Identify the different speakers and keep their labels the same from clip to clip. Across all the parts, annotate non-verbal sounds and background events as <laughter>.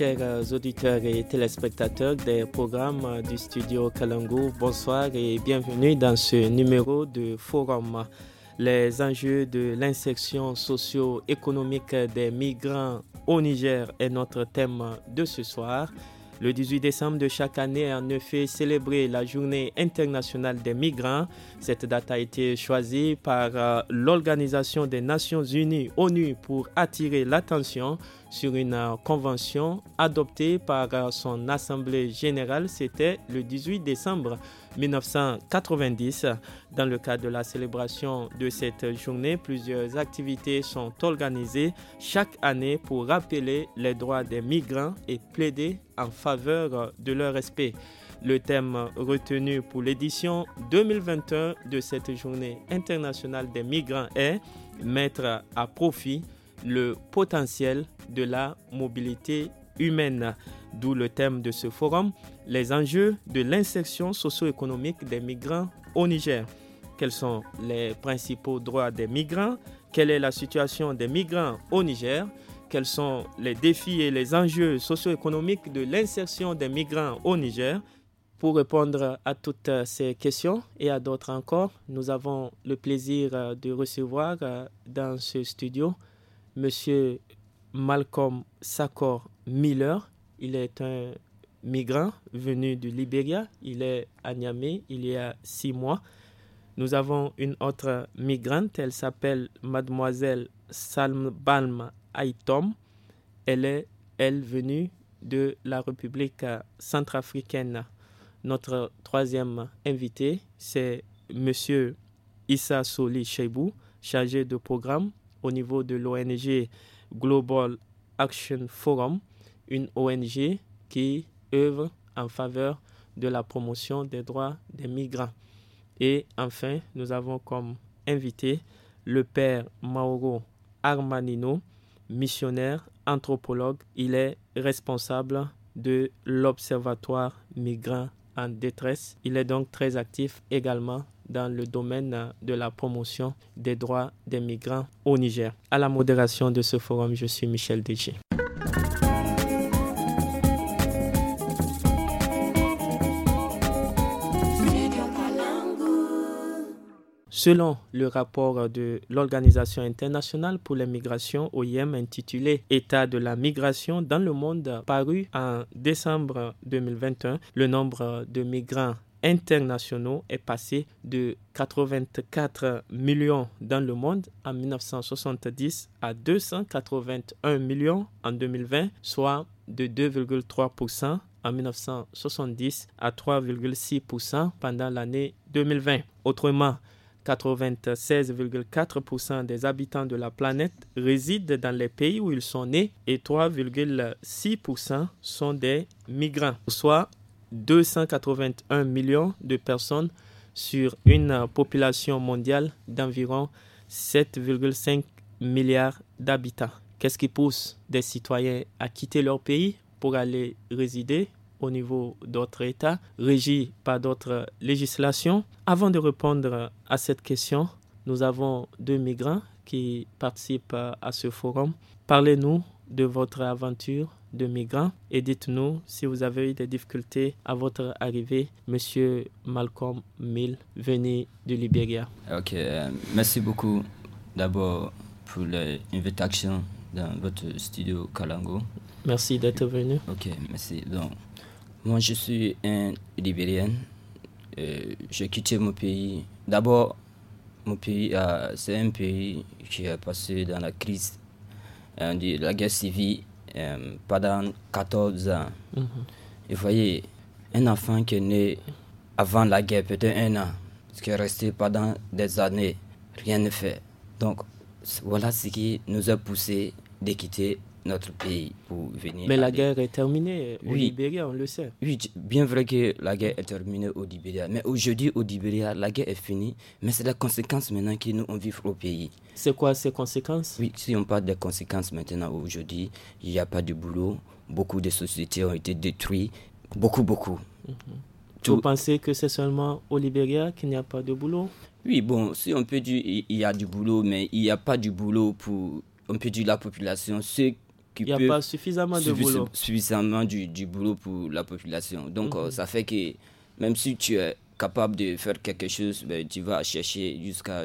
Speaker 1: chers euh, auditeurs et téléspectateurs des programmes euh, du studio Kalangu, bonsoir et bienvenue dans ce numéro de Forum. Les enjeux de l'insertion socio-économique des migrants au Niger est notre thème de ce soir. Le 18 décembre de chaque année est en effet la journée internationale des migrants. Cette date a été choisie par euh, l'Organisation des Nations Unies, ONU, pour attirer l'attention sur une euh, convention adoptée par euh, son Assemblée générale, c'était le 18 décembre. 1990. Dans le cadre de la célébration de cette journée, plusieurs activités sont organisées chaque année pour rappeler les droits des migrants et plaider en faveur de leur respect. Le thème retenu pour l'édition 2021 de cette journée internationale des migrants est Mettre à profit le potentiel de la mobilité humaine d'où le thème de ce forum, les enjeux de l'insertion socio-économique des migrants au Niger. Quels sont les principaux droits des migrants Quelle est la situation des migrants au Niger Quels sont les défis et les enjeux socio-économiques de l'insertion des migrants au Niger pour répondre à toutes ces questions et à d'autres encore, nous avons le plaisir euh, de recevoir euh, dans ce studio M. Malcolm Sakor Miller, il est un migrant venu du Libéria. Il est à Niamey il y a six mois. Nous avons une autre migrante. Elle s'appelle Mademoiselle Salmbalm Aitom. Elle est, elle, venue de la République centrafricaine. Notre troisième invité, c'est Monsieur Issa Soli Cheibou, chargé de programme au niveau de l'ONG Global Action Forum une ONG qui œuvre en faveur de la promotion des droits des migrants. Et enfin, nous avons comme invité le père Mauro Armanino, missionnaire, anthropologue. Il est responsable de l'Observatoire Migrants en détresse. Il est donc très actif également dans le domaine de la promotion des droits des migrants au Niger. À la modération de ce forum, je suis Michel Dj Selon le rapport de l'Organisation internationale pour les migrations OIM intitulé État de la migration dans le monde paru en décembre 2021, le nombre de migrants internationaux est passé de 84 millions dans le monde en 1970 à 281 millions en 2020, soit de 2,3% en 1970 à 3,6% pendant l'année 2020. Autrement, 96,4% des habitants de la planète résident dans les pays où ils sont nés et 3,6% sont des migrants, soit 281 millions de personnes sur une population mondiale d'environ 7,5 milliards d'habitants. Qu'est-ce qui pousse des citoyens à quitter leur pays pour aller résider au niveau d'autres États, régis par d'autres législations. Avant de répondre à cette question, nous avons deux migrants qui participent à ce forum. Parlez-nous de votre aventure de migrant et dites-nous si vous avez eu des difficultés à votre arrivée, Monsieur Malcolm Mill, venu du Libéria.
Speaker 2: Ok, euh, merci beaucoup d'abord pour l'invitation dans votre studio Kalango.
Speaker 1: Merci d'être venu. Ok,
Speaker 2: merci. Donc, moi, je suis un Libérien. Euh, j'ai quitté mon pays. D'abord, mon pays, ah, c'est un pays qui a passé dans la crise hein, de la guerre civile euh, pendant 14 ans. Mhm. Et vous voyez, un enfant qui est né avant la guerre, peut-être un an, qui est resté pendant des années, rien ne fait. Donc, voilà ce qui nous a poussé de quitter notre pays pour venir. Mais la guerre est terminée au Libéria, on le sait. Oui, bien vrai que la guerre est terminée au Libéria. Mais aujourd'hui, au Libéria, la guerre est finie. Mais c'est la conséquence maintenant que nous, on vit au pays. C'est quoi ces conséquences Oui, si on parle des conséquences maintenant aujourd'hui, il n'y a pas de boulot. Beaucoup de sociétés ont été détruites. Beaucoup, beaucoup.
Speaker 3: Mhm.
Speaker 1: Vous pensez que c'est seulement au Libéria qu'il n'y a pas de boulot
Speaker 2: Oui, bon, si on peut dire il y a du boulot, mais il n'y a pas du boulot pour, on peut dire, la population. Ceux il n'y a pas suffisamment de boulot. Suffisamment du, boulot pour la population. Donc, mhm. euh, ça fait que même si tu es capable de faire quelque chose, ben, tu vas chercher jusqu'à.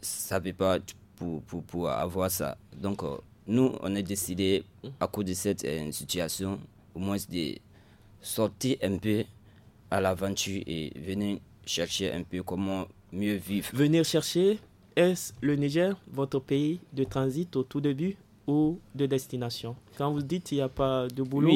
Speaker 2: Ça peut pas pour, pour, avoir ça. Donc, euh, nous, on a décidé, mhm. à cause de cette euh, situation, au moins de sortir un peu
Speaker 1: à l'aventure et venir chercher un peu comment mieux vivre. Venir chercher, est-ce le Niger, votre pays de transit au tout début ou de destination. Quand vous dites qu'il n'y a pas de boulot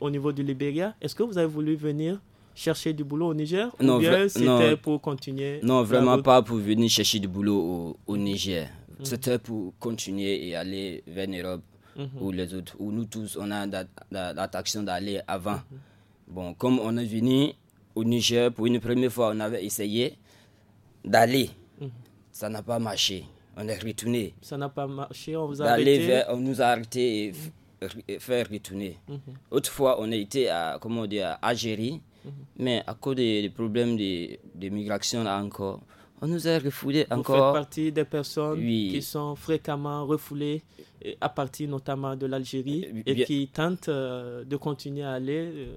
Speaker 1: au niveau du Libéria, est-ce que vous avez voulu venir chercher du boulot au Niger non, c'était pour continuer Non, vraiment pas
Speaker 2: pour venir chercher du boulot au, Niger. Mm. C'était pour continuer et aller vers l'Europe mm-hmm. ou les autres, où nous tous, on a l'attraction d'aller avant. Mm-hmm. Bon, comme on est venu au Niger pour une première fois, on avait essayé d'aller. Mm-hmm. Ça n'a pas marché on est retourné.
Speaker 1: Ça n'a pas marché, on vous a arrêté.
Speaker 2: on nous a arrêté et fait retourner. Mhm. Autrefois, on a été à, comment à Algérie, mhm. mais à cause des, problèmes de, migration encore, on nous a refoulés encore. Vous faites
Speaker 1: partie des personnes qui sont fréquemment refoulées à partir notamment de l'Algérie euh, et qui tentent euh, de continuer à aller euh,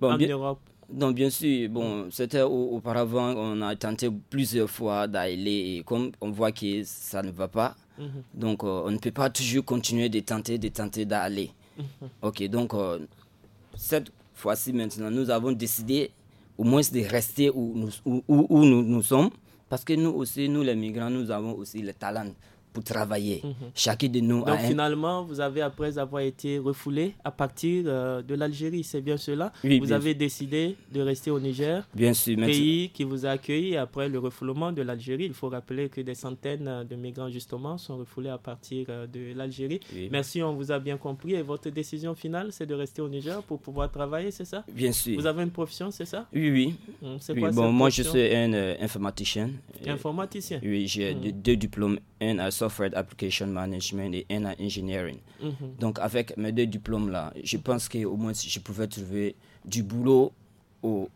Speaker 1: en Europe.
Speaker 2: Donc bien sûr, bon, c'était auparavant, on a tenté plusieurs fois d'aller et comme on voit que ça ne va pas, mhm. donc euh, on ne peut pas toujours continuer de tenter, de tenter d'aller. Mhm. Ok, donc euh, cette fois-ci maintenant, nous avons décidé au moins de rester où nous, nous, nous, sommes, parce que nous aussi, nous les migrants, nous
Speaker 1: avons aussi le talent pour travailler. Mhm. Chacun de nous Donc finalement, vous avez, après avoir été refoulé à partir euh, de l'Algérie, c'est bien cela Vous avez décidé de rester au Niger, bien sûr, pays qui vous a accueilli après le refoulement de l'Algérie. Il faut rappeler que des centaines euh, de migrants, justement, sont refoulés à partir euh, de l'Algérie. Merci, on vous a bien compris. Et votre décision finale, c'est de rester au Niger pour pouvoir travailler, c'est ça Bien sûr. Vous avez une profession, c'est ça Oui, oui. Hum, c'est bon, Moi, je suis
Speaker 2: un informaticien. Informaticien Oui, j'ai hum. deux, diplômes, un à Application Management et en Engineering. Mhm. Donc, avec mes deux diplômes-là, je pense qu'au moins je pouvais trouver du boulot au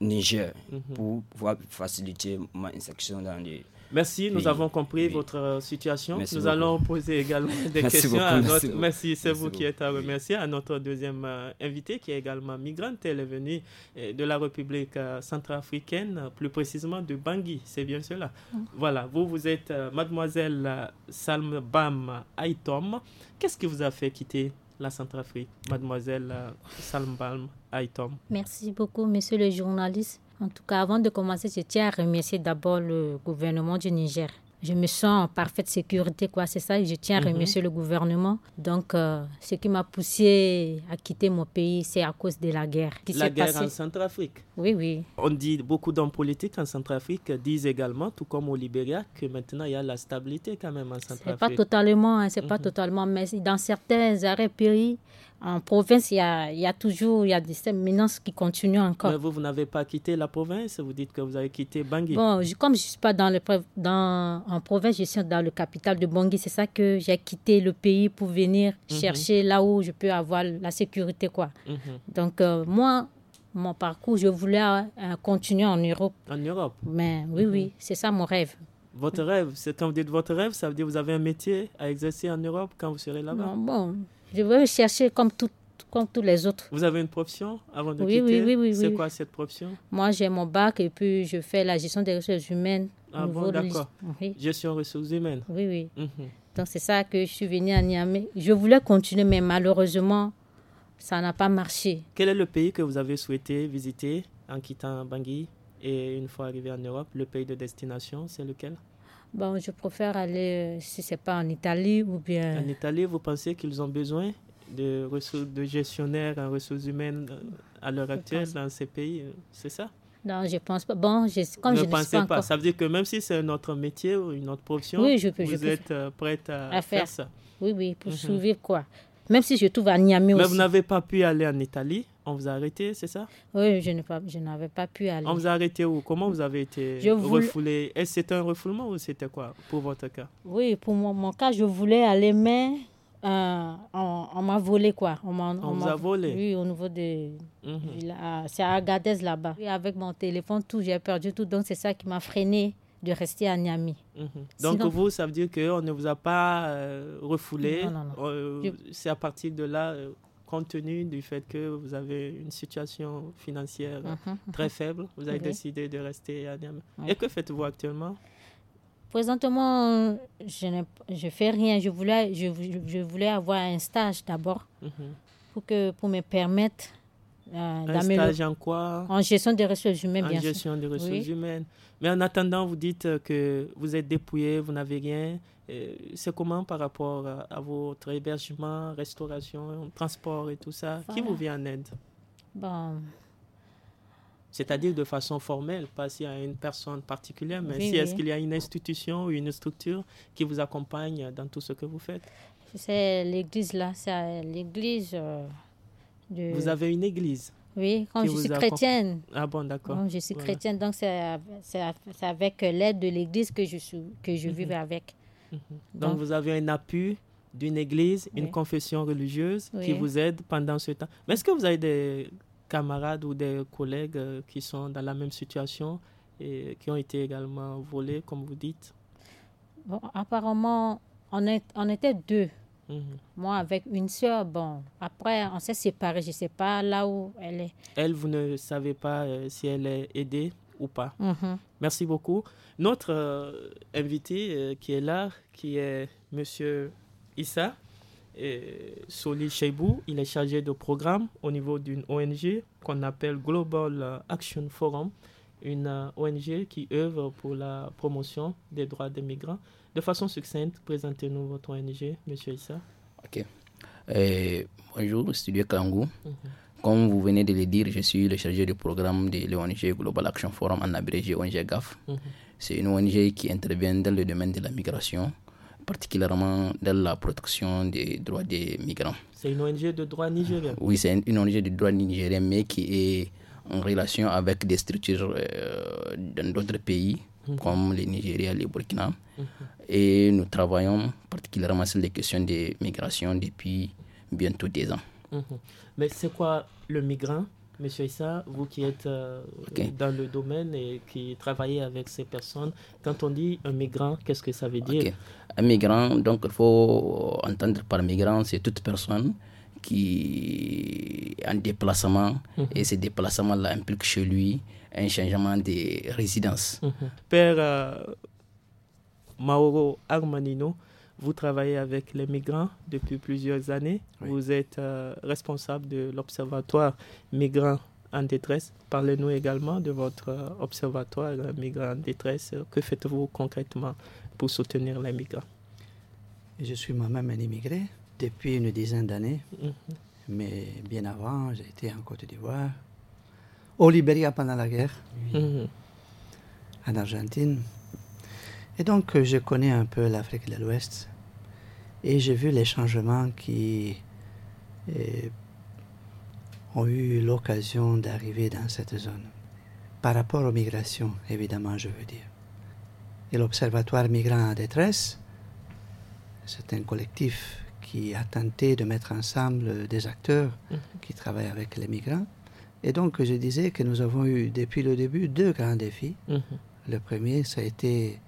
Speaker 2: Niger mhm. pour pouvoir faciliter ma insertion dans les Merci, nous
Speaker 1: avons compris votre euh, situation. nous allons poser également <laughs> des questions à notre. Merci, c'est vous qui êtes à remercier. À notre deuxième euh, invité, qui est également migrante, elle est venue euh, de la République centrafricaine, plus précisément de Bangui. C'est bien cela. Mm. Voilà, vous, vous êtes mademoiselle Salmbam Aitom. Qu'est-ce qui vous a fait quitter la Centrafrique, mademoiselle Salmbam Aitom
Speaker 4: Merci beaucoup, monsieur le journaliste. En tout cas, avant de commencer, je tiens à remercier d'abord le gouvernement du Niger. Je me sens en parfaite sécurité, quoi. C'est ça, et je tiens à mhm. remercier le gouvernement. Donc, euh, ce qui m'a poussé à quitter mon pays, c'est à cause de la guerre. Qui la guerre en Centrafrique. Oui, oui.
Speaker 1: On dit beaucoup d'hommes politiques en Centrafrique disent également, tout comme au Libéria, que maintenant il y a la stabilité quand même en Centrafrique. C'est pas totalement,
Speaker 4: hein, c'est pas mhm. totalement, mais dans certains arrêts pays, en province, il y a, toujours il y a des menaces qui continuent encore. Mais vous, vous
Speaker 1: n'avez pas quitté la province Vous dites que vous avez quitté Bangui Bon,
Speaker 4: comme je ne suis pas dans le, dans, en province, je suis dans le capital de Bangui. C'est ça que j'ai quitté le pays pour venir mhm. chercher là où je peux avoir la sécurité. quoi. Mhm. Donc, euh, moi, mon parcours, je voulais euh, continuer en Europe. En Europe Mais oui, oui, mhm. c'est ça mon rêve.
Speaker 1: Votre rêve, c'est quand vous dites votre rêve, ça veut dire que vous avez un métier à exercer en Europe quand vous serez là-bas Bon,
Speaker 4: je vais chercher comme, tout, comme tous les autres. Vous avez une profession avant de quitter Oui, oui, oui. C'est quoi cette profession Moi, j'ai mon bac et puis je fais la gestion des ressources humaines. Ah bon, d'accord. Oui.
Speaker 1: Gestion ressources humaines. Oui, oui. Mhm.
Speaker 4: Donc, c'est ça que je suis venue à Niamey. Je voulais continuer, mais malheureusement, ça n'a pas marché.
Speaker 1: Quel est le pays que vous avez souhaité visiter en quittant Bangui et une fois arrivé en Europe Le pays de destination, c'est lequel
Speaker 4: Bon, je préfère aller, euh, si c'est pas en Italie ou bien. En
Speaker 1: Italie, vous pensez qu'ils ont besoin de, de gestionnaires en ressources humaines euh, à l'heure actuelle dans ces pays, euh, c'est ça
Speaker 4: Non, je pense pas. Bon, je, comme je ne pensez pas,
Speaker 1: ça veut dire que même si c'est un autre métier ou une autre profession, vous êtes prête à, faire. ça. Oui, oui, pour mhm.
Speaker 4: quoi. Même si je trouve à Niamey Mais vous
Speaker 1: n'avez pas pu aller en Italie on vous a arrêté, c'est ça
Speaker 4: Oui, je n'avais pas, pas pu aller. On vous a
Speaker 1: arrêté où Comment vous avez été refoulé c'était un refoulement ou c'était quoi pour votre cas
Speaker 4: Oui, pour mon, mon, cas, je voulais aller, mais euh, on, m'a volé quoi. On, m'a vous a volé Oui, au niveau de... Mhm. C'est à Agadez là-bas. avec mon téléphone, tout, j'ai perdu tout. Donc c'est ça qui m'a freiné de rester à Niamey. Mhm.
Speaker 1: Donc vous, ça veut dire qu'on ne vous a pas euh, refoulé. Non, non, non. Euh, c'est à partir de là compte tenu du fait que vous avez une situation financière mhm, mhm. très faible, vous avez décidé de rester à Niamey. Et que faites-vous actuellement
Speaker 4: Présentement, je ne je fais rien. Je voulais, je, voulais avoir un stage d'abord mhm. pour, pour me permettre euh, un stage en quoi En gestion des ressources humaines, bien sûr. En gestion des ressources
Speaker 1: humaines. Mais en attendant, vous dites euh, que vous êtes dépouillé, vous n'avez rien. Euh, c'est comment par rapport à, votre hébergement, restauration, transport et tout ça Qui vous vient en aide Bon. C'est-à-dire de façon formelle, pas si y a une personne particulière, mais si est-ce qu'il y a une institution ou une structure qui vous accompagne dans tout ce que vous faites
Speaker 4: C'est l'église là, c'est l'église. Vous avez
Speaker 1: une église Oui, comme je suis chrétienne. Ah bon, d'accord. Comme je suis chrétienne,
Speaker 4: donc c'est avec l'aide de l'église que je, suis, que je mhm. avec. Mhm. donc,
Speaker 1: vous avez un appui d'une église, une confession religieuse qui vous aide pendant ce temps. Mais est-ce que vous avez des camarades ou des collègues euh, qui sont dans la même situation et qui ont été également volés, comme vous dites
Speaker 4: apparemment, on, on était deux Mhm. Moi, avec une soeur, bon, après, on s'est séparés, je ne sais pas là où elle est.
Speaker 1: Elle, vous ne savez pas euh, si elle est aidée ou pas. Mhm. Merci beaucoup. Notre euh, invité euh, qui est là, qui est Monsieur Issa et Soli Cheibou, il est chargé de programme au niveau d'une ONG qu'on appelle Global Action Forum, une ONG qui œuvre pour la promotion des droits des migrants. De façon succincte, présentez-nous votre ONG, Monsieur Issa.
Speaker 5: Ok. Euh, bonjour, Studio Kangou. Mhm. Comme vous venez de le dire, je suis le chargé du programme de l'ONG Global Action Forum en abrégé ONG GAF. Mhm. C'est une ONG qui intervient dans le domaine de la migration, particulièrement dans la protection des droits des migrants.
Speaker 1: C'est une ONG de droit nigérien
Speaker 5: Oui, c'est une ONG de droit nigérien, mais qui est en relation avec des structures euh, dans d'autres pays comme le Nigéria, le Burkina. Mhm. Et nous travaillons particulièrement sur les questions de migration depuis bientôt des ans.
Speaker 1: Mhm. Mais c'est quoi le migrant, Monsieur Issa, vous qui êtes euh, dans le domaine et qui travaillez avec ces personnes Quand on dit un migrant, qu'est-ce que ça veut dire
Speaker 5: Un migrant, donc il faut entendre par migrant, c'est toute personne qui est en déplacement mhm. et ce déplacement-là implique chez lui un changement de résidence.
Speaker 1: Mhm. Père euh, Mauro Armanino, vous travaillez avec les migrants depuis plusieurs années. Vous êtes euh, responsable de l'Observatoire Migrants en détresse. Parlez-nous également de votre euh, observatoire Migrants en détresse. Que faites-vous concrètement pour
Speaker 6: soutenir les migrants Je suis moi-même un immigré depuis une dizaine d'années. Mhm. Mais bien avant, j'ai été en Côte d'Ivoire, au Libéria pendant la guerre, mhm. en Argentine. Et donc, euh, je connais un peu l'Afrique de l'Ouest et j'ai vu les changements qui euh, ont eu l'occasion d'arriver dans cette zone. Par rapport aux migrations, évidemment, je veux dire. Et l'Observatoire Migrants en détresse, c'est un collectif qui a tenté de mettre ensemble des acteurs mhm. qui travaillent avec les migrants. Et donc, je disais que nous avons eu, depuis le début, deux grands défis. Mhm. Le premier, ça a été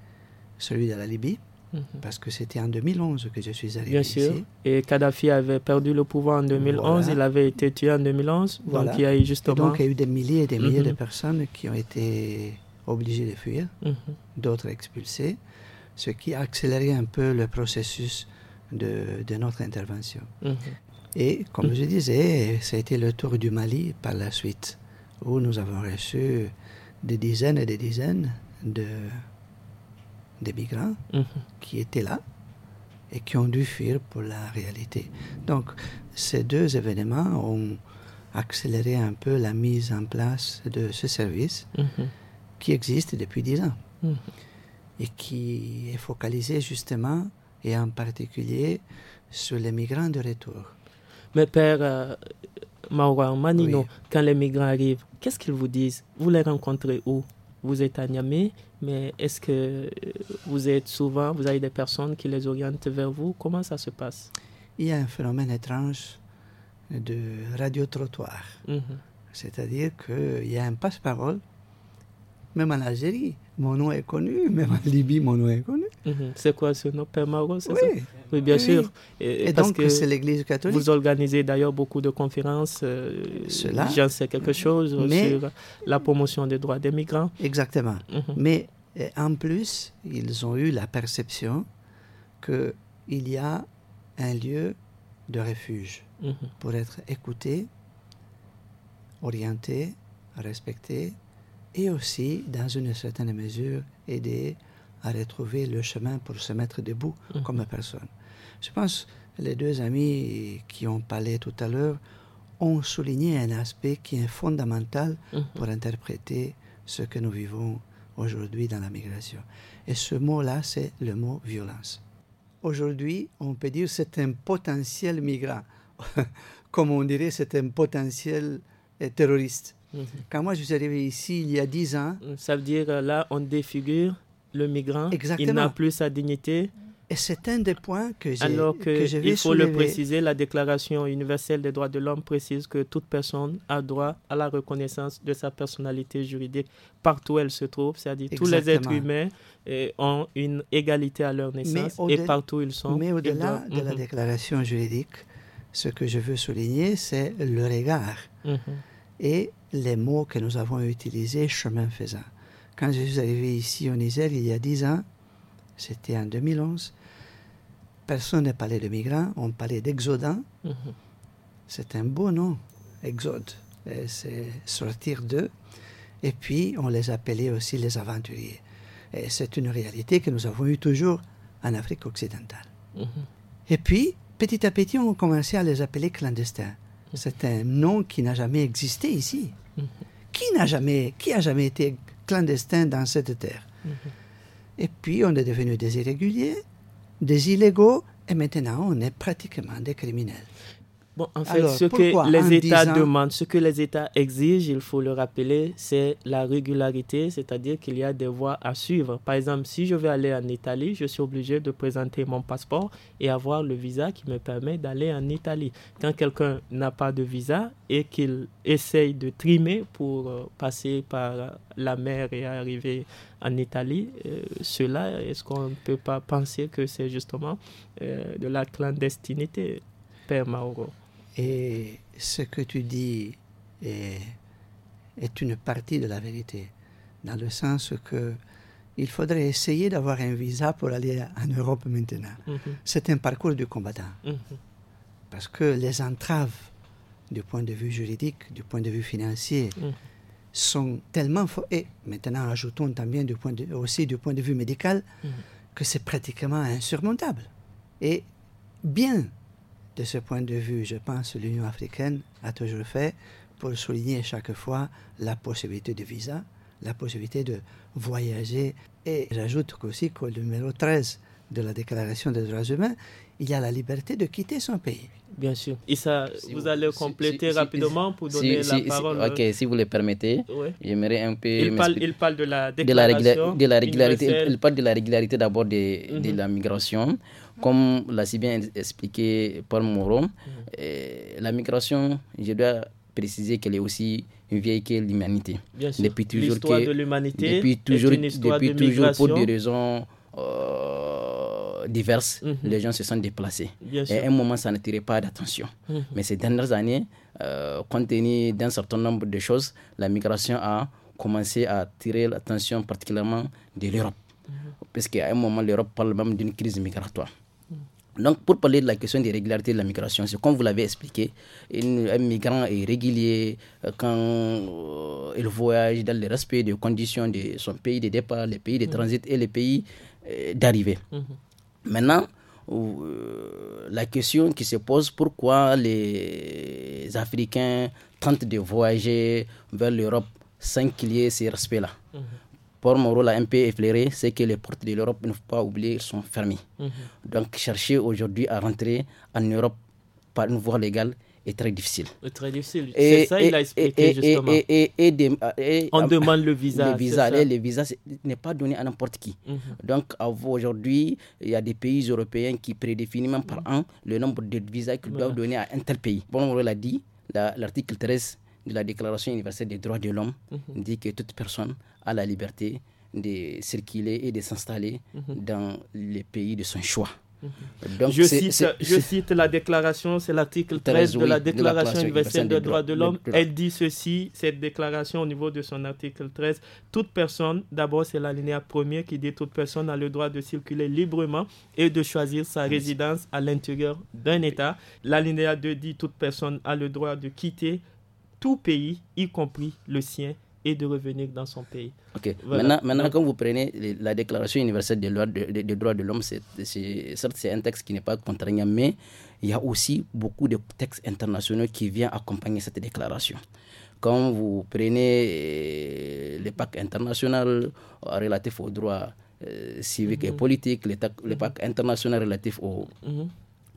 Speaker 6: celui de la Libye, mhm. parce que c'était en 2011 que je suis arrivé ici.
Speaker 1: Et Kadhafi avait perdu le pouvoir en 2011, il avait été tué en 2011.
Speaker 6: Donc, il y a eu justement... donc, il y a eu des milliers et des milliers de personnes qui ont été obligées de fuir, d'autres expulsées, ce qui a accéléré un peu le processus de, notre intervention. Mhm. Et comme mhm. je disais, ça a été le tour du Mali par la suite, où nous avons reçu des dizaines et des dizaines de, migrants mhm. qui étaient là et qui ont dû fuir pour la réalité. Donc ces deux événements ont accéléré un peu la mise en place de ce service qui existe depuis dix ans et qui est focalisé justement et en particulier sur les migrants de retour. Mais père euh, Manino, quand les migrants arrivent, qu'est-ce qu'ils vous disent
Speaker 1: Vous les rencontrez où Vous êtes à Niamey,
Speaker 6: mais est-ce que euh,
Speaker 1: vous êtes souvent, vous avez des personnes qui les orientent vers vous Comment ça se passe
Speaker 6: Il y a un phénomène étrange de radio-trottoir. Mhm. C'est-à-dire qu'il y a un passe-parole, même en Algérie, mon nom est connu, même en Libye, mon nom est connu. Mhm.
Speaker 1: C'est quoi ce nom Père Maro, c'est oui. ça Oui, bien sûr. Et, donc, c'est l'Église catholique. Vous organisez d'ailleurs beaucoup de conférences. Euh, Cela. J'en sais quelque mhm. chose euh, sur la promotion
Speaker 6: des droits des migrants. Exactement. Mhm. Mais eh, en plus, ils ont eu la perception qu'il y a un lieu de refuge pour être écouté, orienté, respecté et aussi, dans une certaine mesure, aidé à retrouver le chemin pour se mettre debout mhm. comme personne. Je pense que les deux amis qui ont parlé tout à l'heure ont souligné un aspect qui est fondamental mhm. pour interpréter ce que nous vivons aujourd'hui dans la migration. Et ce mot-là, c'est le mot violence. Aujourd'hui, on peut dire c'est un potentiel migrant. <laughs> Comme on dirait, c'est un potentiel euh, terroriste. Mhm. Quand moi je suis arrivé ici il y a dix ans. Ça veut dire euh, là, on défigure le migrant. Il n'a plus sa dignité. Et c'est un des points que j'ai Alors que, il faut le préciser,
Speaker 1: la Déclaration universelle des droits de l'homme précise que toute personne a droit à la reconnaissance de sa personnalité juridique partout où elle se trouve, c'est-à-dire tous les êtres humains eh, ont une égalité à leur naissance et partout où ils sont. Mais au-delà de la mhm.
Speaker 6: Déclaration juridique, ce que je veux souligner, c'est le regard mhm. et les mots que nous avons utilisés chemin faisant. Quand je suis arrivé ici au Niger il y a 10 ans, c'était en 2011, personne ne parlait de migrants, on parlait d'exodants. Mhm. C'est un beau nom, exode. C'est sortir d'eux. Et puis, on les appelait aussi les aventuriers. Et c'est une réalité que nous avons eue toujours en Afrique occidentale. Mhm. Et puis, petit à petit, on commençait à les appeler clandestins. Mhm. C'est un nom qui n'a jamais existé ici. Qui n'a jamais, qui a jamais été Clandestins dans cette terre. Mm-hmm. Et puis on est devenu des irréguliers, des illégaux, et maintenant on est pratiquement des criminels. Bon, en fait, ce que les États demandent,
Speaker 1: ce que les États exigent, il faut le rappeler, c'est la régularité, c'est-à-dire qu'il y a des voies à suivre. Par exemple, si je vais aller en Italie, je suis obligé de présenter mon passeport et avoir le visa qui me permet d'aller en Italie. Quand quelqu'un n'a pas de visa et qu'il essaye de trimer pour euh, passer par la mer et arriver en Italie, euh, cela, est-ce qu'on ne peut pas penser que c'est justement euh, de la clandestinité, Père Mauro
Speaker 6: et ce que tu dis est, est une partie de la vérité, dans le sens que il faudrait essayer d'avoir un visa pour aller en Europe maintenant. Mhm. C'est un parcours du combattant. Mhm. Parce que les entraves, du point de vue juridique, du point de vue financier, mhm. sont tellement fortes. Et maintenant, ajoutons bien du point aussi du point de vue médical, que c'est pratiquement insurmontable. Et bien de ce point de vue, je pense que l'Union africaine a toujours fait pour souligner chaque fois la possibilité de visa, la possibilité de voyager. Et j'ajoute aussi que le numéro 13 de la Déclaration des droits humains, il y a la liberté de quitter son pays. Bien sûr. Et ça,
Speaker 1: vous, allez compléter rapidement pour donner la parole. ok, si
Speaker 5: vous le permettez, j'aimerais un peu. Il parle, de la déclaration. De la, régularité. Il parle de la régularité d'abord de, mhm. la migration. Comme l'a si bien expliqué Paul Moron, mhm. eh, la migration, je dois préciser qu'elle est aussi une vieille que l'humanité. Depuis toujours que. L'histoire de l'humanité. Depuis toujours, depuis de toujours pour des raisons. Euh, diverses, mhm. les gens se sont déplacés. Et à un moment, ça n'attirait pas d'attention. Mhm. Mais ces dernières années, euh, compte tenu d'un certain nombre de choses, la migration a commencé à attirer l'attention particulièrement de l'Europe. Mhm. Parce qu'à un moment, l'Europe parle même d'une crise migratoire. Donc, pour parler de la question des régularités de la migration, c'est comme vous l'avez expliqué, un migrant est régulier euh, quand euh, il voyage dans le respect des conditions de son pays de départ, les pays de transit et les pays d'arrivée. Maintenant, euh, la question qui se pose, pourquoi les Africains tentent de voyager vers l'Europe sans qu'il y ait ces respects-là mhm. Pour mon rôle un peu effleuré, c'est que les portes de l'Europe, il ne faut pas oublier, sont fermées. Mhm. Donc chercher aujourd'hui à rentrer en Europe par une voie légale, est très difficile. très difficile. C'est ça, il a expliqué justement. Et, On demande le visa. Le visa, n'est pas donné à n'importe qui. Mhm. donc à Donc, aujourd'hui, il y a des pays européens qui prédéfinissent même par an le nombre de visas qu'ils doivent donner à un tel pays. Bon, on l'a dit, l'article 13 de la Déclaration universelle des droits de l'homme mhm. dit que toute personne a la liberté de circuler et de s'installer mhm. dans les pays de son choix. Mm-hmm. je, cite, je
Speaker 1: cite la déclaration, c'est l'article 13 de, la Déclaration universelle des droits de, l'homme. Elle dit ceci, cette déclaration au niveau de son article 13, toute personne, d'abord c'est l'alinéa premier qui dit toute personne a le droit de circuler librement et de choisir sa résidence à l'intérieur d'un État. L'alinéa 2 dit toute personne a le droit de quitter tout pays, y compris le sien, et de revenir dans son pays. Ok. Maintenant, maintenant,
Speaker 5: quand vous prenez la Déclaration universelle des, droits de, de, de l'homme, certes, c'est un texte qui n'est pas contraignant, mais il y a aussi beaucoup de textes internationaux qui viennent accompagner cette déclaration. Quand vous prenez euh, les pactes internationaux euh, relatifs aux droits euh, civiques et mm-hmm. politiques, les, les, mm-hmm. pactes internationaux relatifs mm-hmm.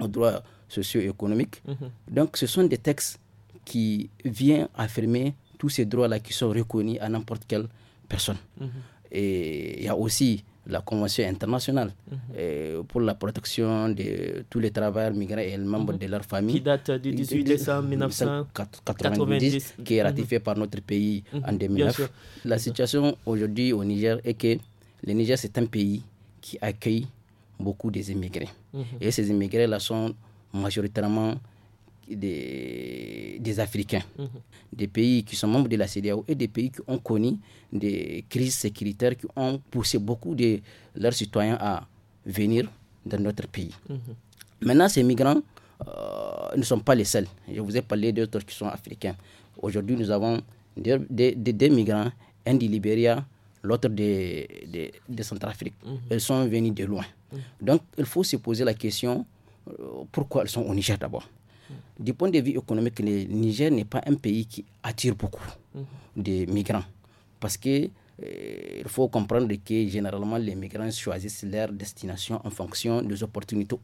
Speaker 5: aux, droits sociaux et économiques donc ce sont des textes qui viennent affirmer tous ces droits-là qui sont reconnus à n'importe quelle personne. Mhm. Et il y a aussi la Convention internationale mhm. euh, pour la protection de tous les travailleurs migrants et les membres mhm. de leur famille. Qui date
Speaker 1: du 18 décembre 1990, qui est ratifiée
Speaker 5: par notre pays en 2009. La situation aujourd'hui au Niger est que le Niger, c'est un pays qui accueille beaucoup des immigrés. Et ces immigrés-là sont majoritairement des, des Africains, des pays qui sont membres de la CDAO et des pays qui ont connu des crises sécuritaires qui ont poussé beaucoup de leurs citoyens à venir dans notre pays. Maintenant, ces migrants euh, ne sont pas les seuls. Je vous ai parlé d'autres qui sont africains. Aujourd'hui, nous avons des, migrants, un du Libéria, l'autre de, Centrafrique. Mhm. Elles sont venues de loin. Mhm. Donc, il faut se poser la question euh, pourquoi elles sont au Niger d'abord du point de vue économique, le Niger n'est pas un pays qui attire beaucoup mhm. de migrants. Parce que euh, il faut comprendre que généralement les migrants choisissent leur destination en fonction des opportunités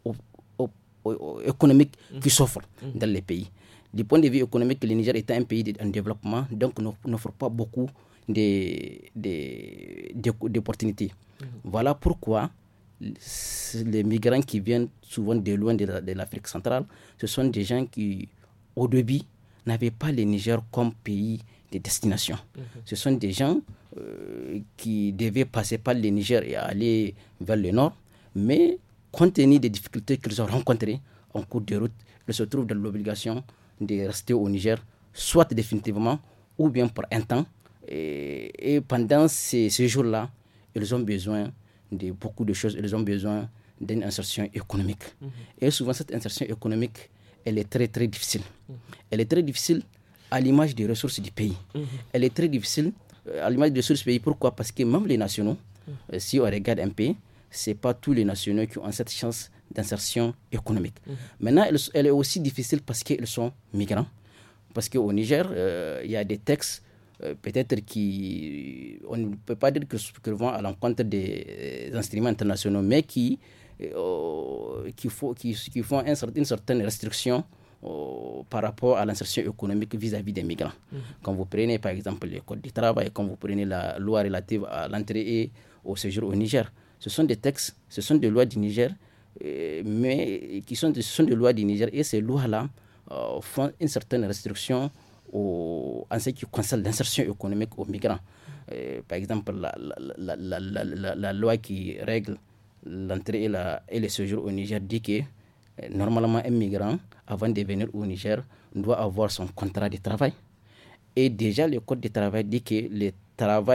Speaker 5: économiques mhm. qui s'offrent mhm. dans les pays. Du point de vue économique, le Niger est un pays en développement, donc n'offre pas beaucoup d'opportunités. voilà pourquoi les migrants qui viennent souvent de loin de l'Afrique centrale, ce sont des gens qui, au début, n'avaient pas le Niger comme pays de destination. Mhm. Ce sont des gens euh, qui devaient passer par le Niger et aller vers le nord, mais compte tenu des difficultés qu'ils ont rencontrées en cours de route, ils se trouvent dans l'obligation de rester au Niger, soit définitivement, ou bien pour un temps. Et, pendant ces, ces jours-là, ils ont besoin de beaucoup de choses. Ils ont besoin d'une insertion économique. Mhm. Et souvent, cette insertion économique, elle est très, très difficile. Mhm. Elle est très difficile à l'image des ressources du pays. Mhm. Elle est très difficile euh, à l'image des ressources du pays. Pourquoi Parce que même les nationaux, euh, si on regarde un pays, ce n'est pas tous les nationaux qui ont cette chance d'insertion économique. Maintenant, elle, est aussi difficile parce qu'ils sont migrants. Parce qu'au Niger, euh, il y a des textes euh, peut-être qu'on ne peut pas dire que, que vont à l'encontre des euh, instruments internationaux, mais qui, euh, qui, qui, font une certaine restriction par rapport à l'insertion économique vis-à-vis des migrants. Mmh. Quand vous prenez par exemple les codes du travail, quand vous prenez la loi relative à l'entrée et au séjour au Niger, ce sont des textes, ce sont des lois du Niger, mais qui sont, ce sont des lois du Niger et ces lois-là font une certaine restriction en ce qui concerne l'insertion économique aux migrants. Euh, par exemple, la, la, la, la, loi qui règle l'entrée et, et, le séjour au Niger dit que euh, normalement un migrant, avant de venir au Niger, doit avoir son contrat de travail. Et déjà, le code du travail dit que les travaux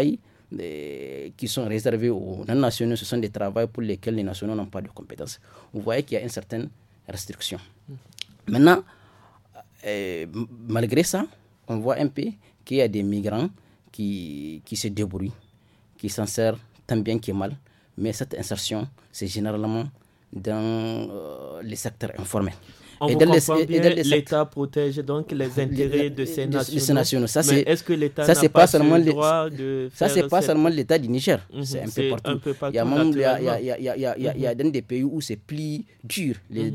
Speaker 5: euh, qui sont réservés aux non-nationaux, ce sont des travaux pour lesquels les nationaux n'ont pas de compétences. Vous voyez qu'il y a une certaine restriction. Mm. Maintenant, malgré ça, on voit un peu qu'il y a des migrants qui, se débrouillent, qui s'en servent tant bien que mal. Mais cette insertion, c'est généralement dans euh, les secteurs informels. On et l'État
Speaker 1: protège donc les intérêts de ces nationaux. Ça, c'est est-ce que l'État ça c'est pas, seulement de ça c'est pas seulement l'État du Niger, mhm, c'est un, peu partout. il
Speaker 5: y a des pays où c'est plus dur, mhm.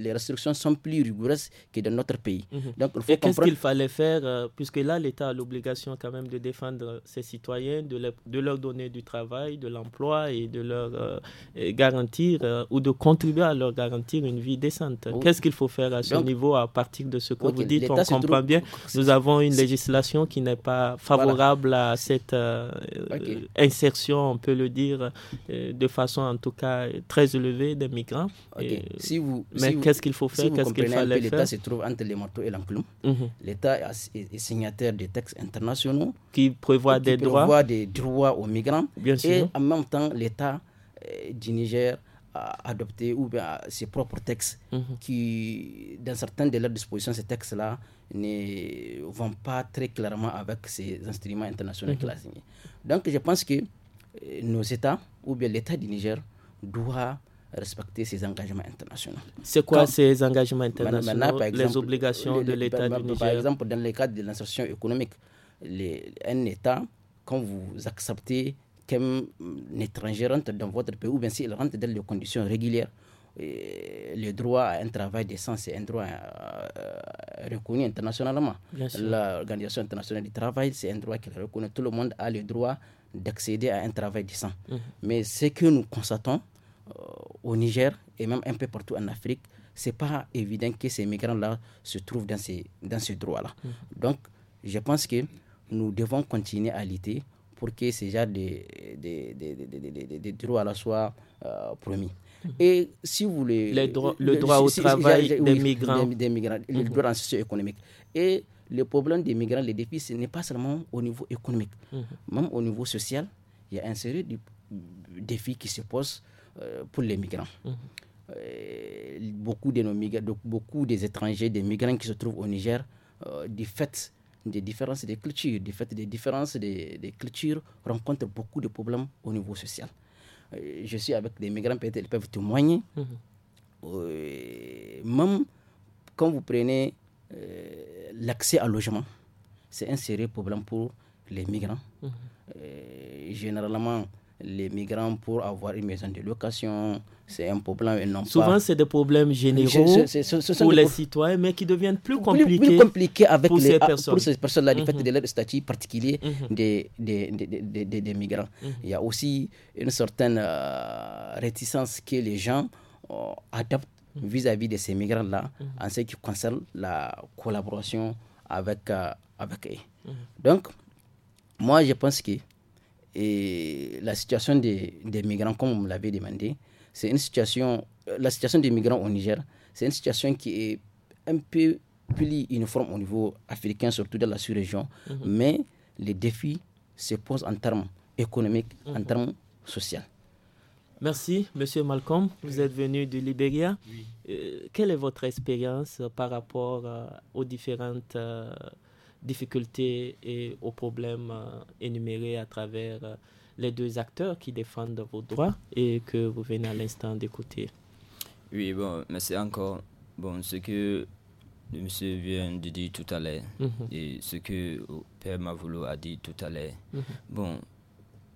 Speaker 5: les, restrictions sont plus rigoureuses que dans notre pays. Mhm. Donc il faut Et qu'est-ce qu'il
Speaker 1: fallait faire euh, puisque là l'État a l'obligation quand même de défendre ses citoyens, de, leur donner du travail, de l'emploi et de leur euh, garantir euh, ou de contribuer à leur garantir une vie décente. Oh. Qu'est-ce qu'il faut faire à ce niveau à partir de ce que vous dites. On comprend bien. Nous avons une législation qui n'est pas favorable à cette euh, euh, insertion, on peut le dire, euh, de façon en tout cas très élevée des migrants. si vous, mais qu'est-ce qu'il faut faire Qu'est-ce qu'il fallait faire L'État se
Speaker 5: trouve entre les manteaux et l'enclume. Mhm. L'État est, signataire des textes internationaux qui prévoit des, droits. des droits aux migrants. Bien et en même temps, l'État du Niger adopter ou bien ses propres textes mhm. qui, dans certaines de leurs dispositions, ces textes-là ne vont pas très clairement avec ces instruments internationaux qu'il a signés. Donc je pense que euh, nos États ou bien l'État du Niger doit respecter ses engagements internationaux. C'est quoi ces engagements internationaux Les obligations de l'État du Niger Par exemple, dans le cadre de l'insertion économique, un État, quand vous acceptez qu'un étranger rentre dans votre pays, ou bien s'il rentre dans les conditions régulières, et le droit à un travail décent, c'est un droit euh, reconnu internationalement. L'Organisation internationale du travail, c'est un droit qu'elle reconnaît. Tout le monde a le droit d'accéder à un travail décent. Mmh. Mais ce que nous constatons euh, au Niger et même un peu partout en Afrique, c'est pas évident que ces migrants-là se trouvent dans, ces, dans ce droit-là. Mmh. Donc, je pense que nous devons continuer à lutter pour que ces des des des droits à droits soient euh, promis. Mhm. Et si vous voulez. le, droit au travail des migrants. Des, migrants, le mhm. droit socio-économique. Et le problème des migrants, les défis, ce n'est pas seulement au niveau économique. Mhm. Même au niveau social, il y a un sérieux de défis qui se posent euh, pour les migrants. Euh, beaucoup, de nos migrants, donc beaucoup des étrangers, des migrants qui se trouvent au Niger, du fait des différences de cultures. du fait des différences de, de culture, rencontrent beaucoup de problèmes au niveau social. Euh, je suis avec des migrants, peut-être ils peuvent témoigner. Mhm. Euh, même quand vous prenez euh, l'accès à logement, c'est un sérieux problème pour les migrants. Mhm. généralement, les migrants pour avoir une maison de location. C'est un problème et non Souvent,
Speaker 1: c'est des problèmes généraux ce pour les citoyens, mais qui deviennent plus compliqués, avec pour, ces personnes. pour ces
Speaker 5: personnes-là, du fait mhm. de leur statut particulier mhm. des, des, des, des, migrants. Mhm. Il y a aussi une certaine euh, réticence que les gens euh, adoptent adaptent vis-à-vis de ces migrants-là en ce qui concerne la collaboration avec, euh, avec eux. Donc, moi, je pense que et la situation des, migrants, comme vous l'avez demandé, c'est une situation, euh, la situation des migrants au Niger, c'est une situation qui est un peu plus uniforme au niveau africain, surtout dans la sous-région. Mhm. Mais les défis se posent en termes économiques, en mhm. termes sociaux.
Speaker 1: Merci, Monsieur Malcolm. Vous êtes venu du Libéria. Euh, quelle est votre expérience par rapport euh, aux différentes difficultés et aux problèmes euh, énumérés à travers euh, les deux acteurs qui défendent vos droits et que vous venez à l'instant d'écouter.
Speaker 2: Oui, bon, mais c'est encore bon, ce que le monsieur vient de dire tout à l'heure mhm. et ce que Père Mavolo a dit tout à l'heure. Mhm. Bon,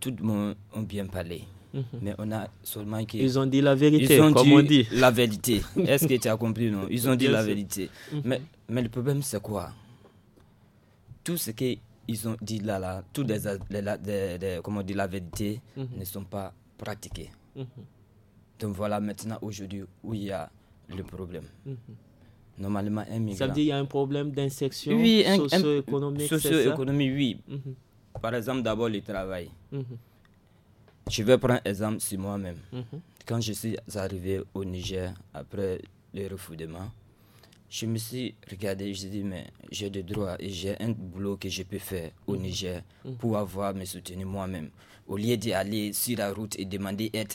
Speaker 2: tout le monde a bien parlé. Mhm. Mais on a seulement que... Ils ont dit la vérité, Ils ont comme dit on dit. La vérité. Est-ce que tu as compris, non Ils ont dit la vérité. Mais, mais le problème, c'est quoi tout ce qu'ils ont dit là, là, tous des, comment dit, la vérité mhm. ne sont pas pratiqués mhm. Donc voilà maintenant aujourd'hui où il y a le problème. Mhm. Normalement, un Ça veut dire y
Speaker 1: a un problème d'insection oui, socio-économique. Socio-économie, oui.
Speaker 2: Par exemple, d'abord le travail. Je vais prendre exemple sur moi-même. Quand je suis arrivé au Niger après le refoulement, je me suis regardé, je dit, mais j'ai des droits et j'ai un boulot que je peux faire au mm. Niger mm. pour avoir me soutenir moi-même. Au lieu d'aller sur la route et demander aide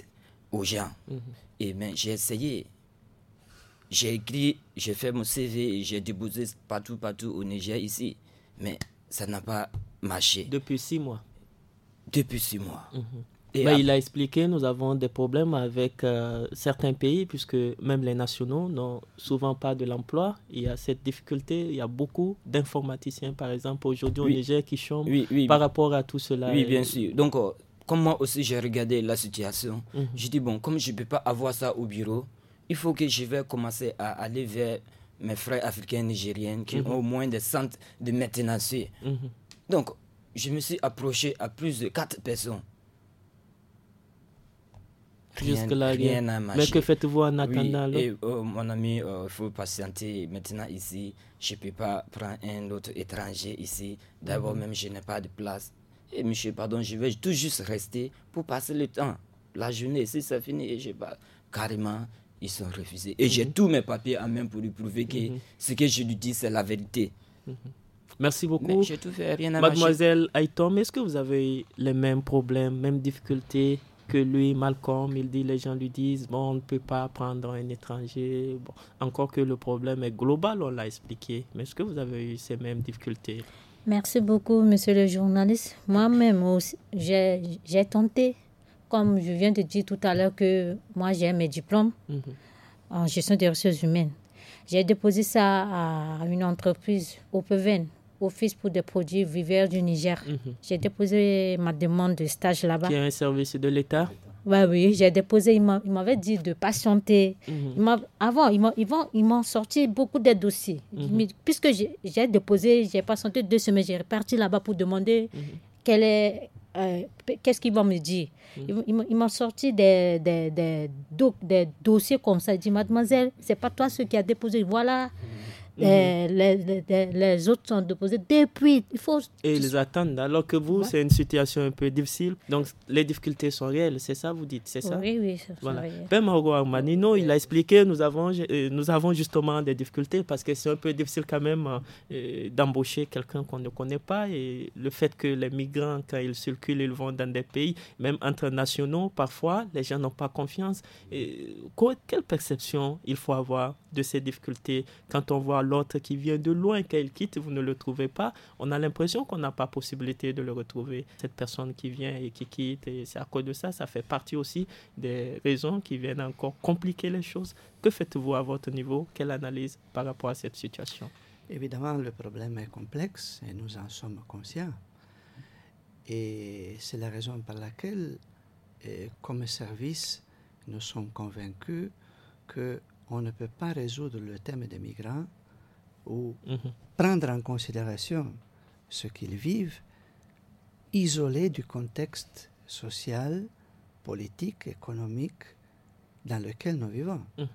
Speaker 2: aux gens. Mm-hmm. Et eh mais ben, j'ai essayé. J'ai écrit, j'ai fait mon CV et j'ai déposé partout, partout au Niger ici. Mais ça n'a pas marché. Depuis six mois.
Speaker 1: Depuis six mois. Mm-hmm. Bah, il a expliqué, nous avons des problèmes avec euh, certains pays, puisque même les nationaux n'ont souvent pas de l'emploi. Il y a cette difficulté, il y a beaucoup d'informaticiens, par exemple, aujourd'hui au Niger, qui chôment par rapport à tout cela. Oui, bien
Speaker 2: sûr. Donc, euh, comme moi aussi, j'ai regardé la situation. Mhm. J'ai dit, Je dis, bon, comme je ne peux pas avoir ça au bureau, il faut que je vais commencer à aller vers mes frères africains nigériens qui mhm. ont au moins des centres de maintenance. Mhm. Donc, je me suis approché à plus de quatre personnes
Speaker 4: jusque-là, Mais que
Speaker 2: faites-vous en attendant euh, Mon ami, euh, il faut patienter. Maintenant, ici, je ne peux pas prendre un autre étranger ici. D'abord, mhm. même, je n'ai pas de place. Et eh, monsieur, pardon, je vais tout juste rester pour passer le temps. La journée, si ça finit, et je carrément ils sont refusés. Et j'ai mhm. tous mes papiers en main pour lui prouver que mhm. ce que je lui dis, c'est la vérité.
Speaker 1: Merci beaucoup. Tout Mademoiselle Aitom, est-ce que vous avez les mêmes problèmes, mêmes difficultés que lui, Malcolm, il dit, les gens lui disent, bon, on ne peut pas prendre un étranger. encore que le problème est global, on l'a expliqué. Mais est-ce que vous avez eu ces mêmes difficultés
Speaker 4: Merci beaucoup, monsieur le journaliste. Moi-même, aussi j'ai tenté, comme je viens de dire tout à l'heure, que moi, j'ai mes diplômes mhm. en gestion des ressources humaines. J'ai déposé ça à une entreprise, au Opeven, office pour des produits viveurs du Niger. Mhm. J'ai déposé ma demande de stage là-bas. Qui est un
Speaker 1: service de l'État
Speaker 4: ouais, Oui, j'ai déposé. Il m'avait dit de patienter. Mhm. Avant, ils m'ont sorti beaucoup de dossiers. Mhm. puisque j'ai déposé, j'ai patienté deux semaines, j'ai reparti là-bas pour demander est euh, qu'est-ce qu'ils vont me dire Ils, m'ont sorti des, dossiers comme ça. Ils mademoiselle, c'est pas toi ce qui a déposé. Voilà. Mhm. les, autres sont déposés depuis. Il faut... Et ils
Speaker 1: attendent, alors que vous, c'est une situation un peu difficile. Donc, les difficultés sont réelles, c'est ça, vous dites, c'est ça Oui, oui, c'est voilà. ça. Ben, Manino, il a expliqué, nous avons, euh, nous avons justement des difficultés parce que c'est un peu difficile quand même euh, d'embaucher quelqu'un qu'on ne connaît pas. Et le fait que les migrants, quand ils circulent, ils vont dans des pays, même internationaux, parfois, les gens n'ont pas confiance. quelle perception il faut avoir de ces difficultés quand on voit l'autre qui vient de loin, qu'elle quitte, vous ne le trouvez pas, on a l'impression qu'on n'a pas possibilité de le retrouver. Cette personne qui vient et qui quitte, et c'est à cause de ça, ça fait partie aussi des raisons qui viennent encore compliquer les choses. Que faites-vous à votre niveau Quelle analyse par rapport à cette situation
Speaker 6: Évidemment, le problème est complexe et nous en sommes conscients. Et c'est la raison par laquelle, euh, comme service, nous sommes convaincus qu'on ne peut pas résoudre le thème des migrants ou mhm. prendre en considération ce qu'ils vivent, isolés du contexte social, politique, économique dans lequel nous vivons. Mhm.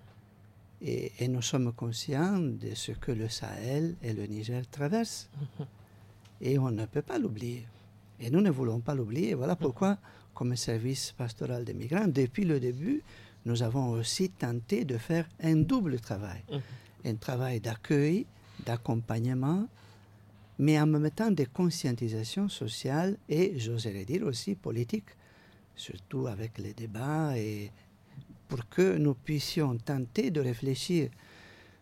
Speaker 6: Et, nous sommes conscients de ce que le Sahel et le Niger traversent. Mhm. Et on ne peut pas l'oublier. Et nous ne voulons pas l'oublier. Voilà pourquoi, comme service pastoral des migrants, depuis le début, nous avons aussi tenté de faire un double travail. Un travail d'accueil d'accompagnement, mais en même temps des conscientisations sociales et, j'oserais dire aussi, politiques, surtout avec les débats, et pour que nous puissions tenter de réfléchir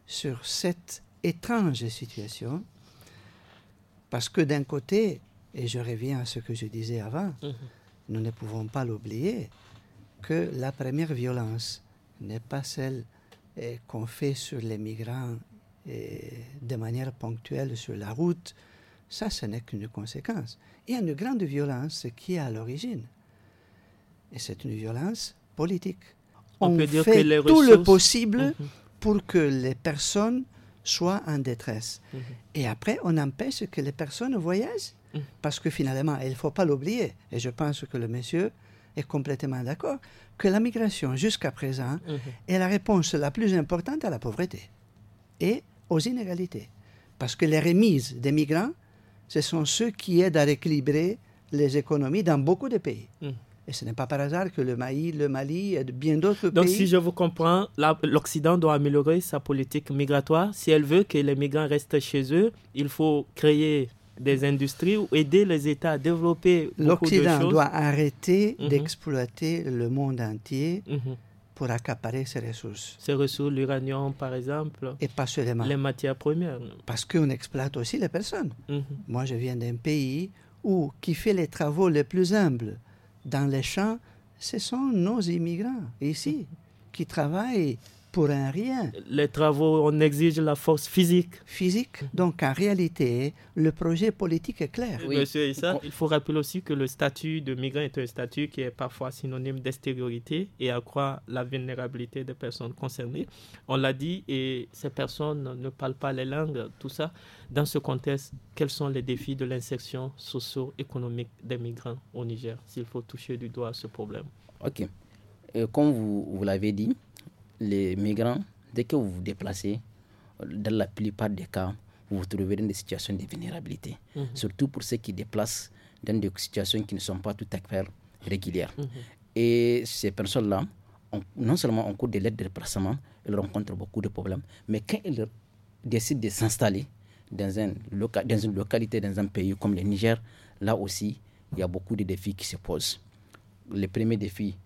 Speaker 6: sur cette étrange situation, parce que d'un côté, et je reviens à ce que je disais avant, mmh. nous ne pouvons pas l'oublier, que la première violence n'est pas celle eh, qu'on fait sur les migrants et de manière ponctuelle sur la route, ça, ce n'est qu'une conséquence. Il y a une grande violence qui est à l'origine. Et c'est une violence politique. On, peut dire fait tout le possible mhm. pour que les personnes soient en détresse. Mhm. Et après, on empêche que les personnes voyagent, mhm. parce que finalement, il ne faut pas l'oublier, et je pense que le monsieur est complètement d'accord, que la migration jusqu'à présent est la réponse la plus importante à la pauvreté. Et aux inégalités. Parce que les remises des migrants, ce sont ceux qui aident à rééquilibrer les économies dans beaucoup de pays. Hmm. Et ce n'est pas par hasard que le Mali, le Mali et bien d'autres pays. Donc, si je
Speaker 1: vous comprends, l'Occident doit améliorer sa politique migratoire. Si elle veut que les migrants restent chez eux, il faut créer des industries ou aider les États à développer. L'Occident doit
Speaker 6: arrêter mhm. d'exploiter le monde entier. Mhm pour accaparer ces ressources. Ces ressources, l'uranium par exemple. Et pas seulement. Les matières premières. Parce qu'on exploite aussi les personnes. Mhm. Moi, je viens d'un pays où qui fait les travaux les plus humbles dans les champs, ce sont nos immigrants ici qui travaillent pour un rien. Les travaux, on exige la force physique. Physique. Donc en réalité, le projet politique est clair.
Speaker 1: Monsieur Issa, il faut rappeler aussi que le statut de migrant est un statut qui est parfois synonyme d'extériorité et accroît la vulnérabilité des personnes concernées. On l'a dit, et ces personnes ne parlent pas les langues, tout ça. Dans ce contexte, quels sont les défis de l'insertion socio-économique des migrants au Niger, s'il faut toucher du doigt ce problème
Speaker 5: Ok. Euh, comme vous l'avez dit, les migrants, dès que vous vous déplacez, dans la plupart des cas, vous vous trouvez dans des situations de vulnérabilité. Mhm. Surtout pour ceux qui déplacent dans des situations qui ne sont pas tout à fait régulières. Mhm. Et ces personnes-là, non seulement en cours de l'aide de déplacement, elles rencontrent beaucoup de problèmes, mais quand elles décident de s'installer dans, un dans une localité, dans un pays comme le Niger, là aussi, il y a beaucoup de défis qui se posent. Le premier défi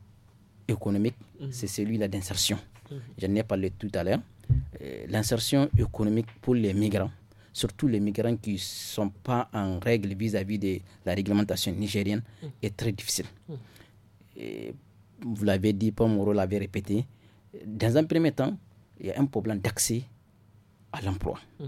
Speaker 5: économique, mhm. c'est celui-là d'insertion. Je ai parlé tout à l'heure, euh, l'insertion économique pour les migrants, surtout les migrants qui ne sont pas en règle vis-à-vis de la réglementation nigérienne, mm. est très difficile. Mm. vous l'avez dit, Pomoro l'avait répété, dans un premier temps, il y a un problème d'accès à l'emploi. Mm.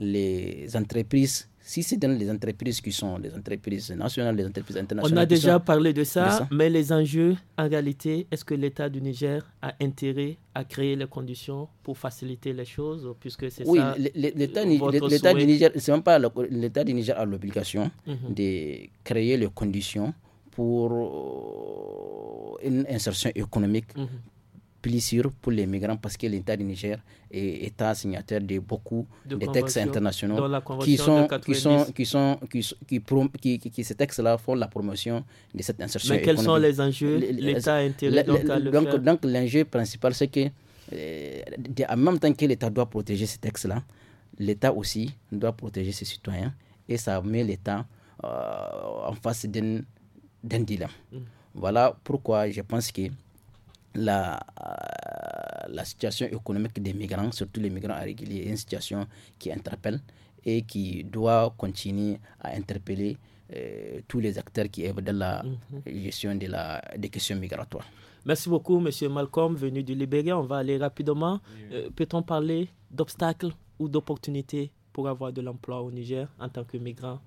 Speaker 5: Les entreprises si c'est dans les entreprises qui sont les entreprises nationales, les entreprises internationales. On a déjà parlé de
Speaker 1: ça, mais les enjeux, en réalité, est-ce que l'État du Niger a intérêt à créer les conditions pour faciliter les choses, puisque c'est oui, l'État du Niger,
Speaker 5: c'est même pas l'État du Niger a l'obligation mhm. de créer les conditions pour euh, une insertion économique mhm plus sûr pour les migrants parce que l'État du Niger est État signataire de beaucoup de, textes internationaux qui sont qui sont, qui sont qui sont qui qui, ces textes-là font la promotion de cette insertion. Mais quels sont les enjeux donc l'enjeu principal c'est que euh, en même temps que l'État doit protéger ces textes-là, l'État aussi doit protéger ses citoyens et ça met l'État euh, en face d'un dilemme. Mm. Voilà pourquoi je pense que la, euh, la situation économique des migrants, surtout les migrants irréguliers, est une situation qui interpelle et qui doit continuer à interpeller euh, tous les acteurs qui est dans la mhm. gestion de la, des questions migratoires.
Speaker 1: Merci beaucoup, Monsieur Malcolm, venu du Libéria. On va aller rapidement. Euh, peut-on parler d'obstacles ou d'opportunités pour avoir de l'emploi au Niger en tant que migrant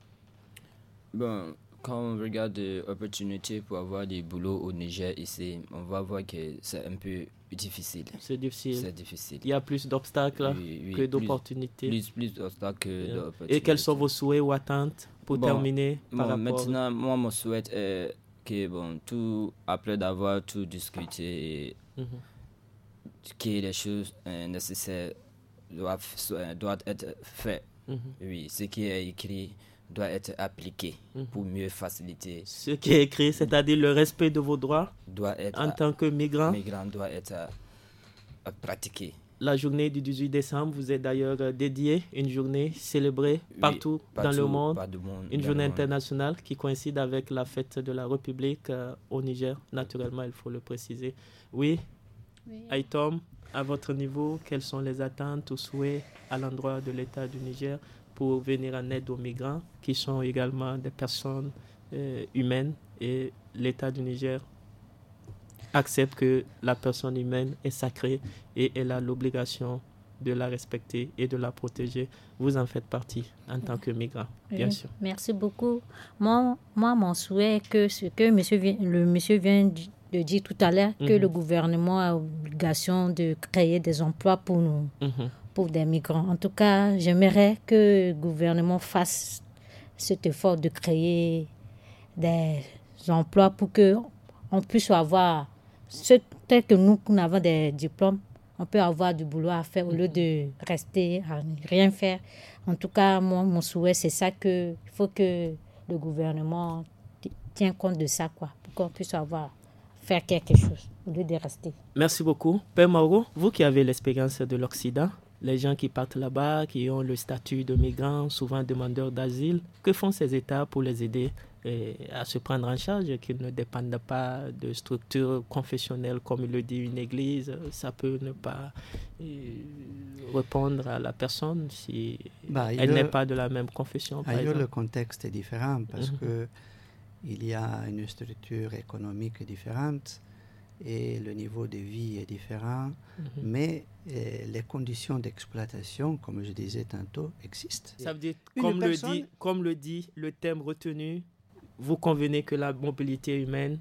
Speaker 2: bon, quand on regarde l'opportunité opportunités pour avoir des boulots au Niger ici, on va voir que c'est un peu difficile. C'est difficile. C'est difficile. Il y
Speaker 1: a plus d'obstacles que d'opportunités. Plus,
Speaker 2: plus d'obstacles que d'opportunités. Et quels sont vos
Speaker 1: souhaits ou attentes pour terminer par Maintenant,
Speaker 2: moi, mon souhait est que, bon, tout, après d'avoir tout discuté, mhm. que les choses euh, nécessaires doivent, doivent être faites. Mhm. Oui, ce qui est écrit doit être appliqué mhm. pour mieux faciliter. Ce qui est écrit,
Speaker 1: c'est-à-dire le respect de vos droits doit être en tant que migrant. doit être pratiqué. La journée du 18 décembre vous est d'ailleurs euh, dédiée, une journée célébrée partout, dans le monde, une journée internationale qui coïncide avec la fête de la République euh, au Niger, naturellement, il faut le préciser. Oui, oui. à votre niveau, quelles sont les attentes ou souhaits à l'endroit de l'État du Niger pour venir en aide aux migrants qui sont également des personnes euh, humaines et l'État du Niger accepte que la personne humaine est sacrée et elle a l'obligation de la respecter et de la protéger. Vous en faites partie en tant que migrant, bien sûr.
Speaker 4: Merci beaucoup. Moi, mon souhait que ce que monsieur, le monsieur vient de dire tout à l'heure, que mhm. le gouvernement a obligation de créer des emplois pour nous. Mhm pour des migrants. En tout cas, j'aimerais que le gouvernement fasse cet effort de créer des emplois pour que on puisse avoir ce tel que nous, nous avons des diplômes, on peut avoir du boulot à faire au lieu de rester à rien faire. En tout cas, moi, mon souhait, c'est ça que il faut que le gouvernement tienne compte de ça, quoi, pour qu'on puisse avoir faire quelque chose au lieu de rester.
Speaker 1: Merci beaucoup. Père Mauro, vous qui avez l'expérience de l'Occident, les gens qui partent là-bas, qui ont le statut de migrants, souvent demandeurs d'asile, que font ces États pour les aider eh, à se prendre en charge, qu'ils ne dépendent pas de structures confessionnelles, comme le dit une église. Ça peut ne pas eh, répondre à la personne si bah, elle n'est pas de
Speaker 6: la même confession. ailleurs, bah, le contexte est différent parce qu'il mhm. que y a une structure économique différente et le niveau de vie est différent, mhm. mais euh, les conditions d'exploitation, comme je disais tantôt, existent. Ça veut dire,
Speaker 1: comme le dit le thème retenu,
Speaker 6: vous convenez que la mobilité
Speaker 1: humaine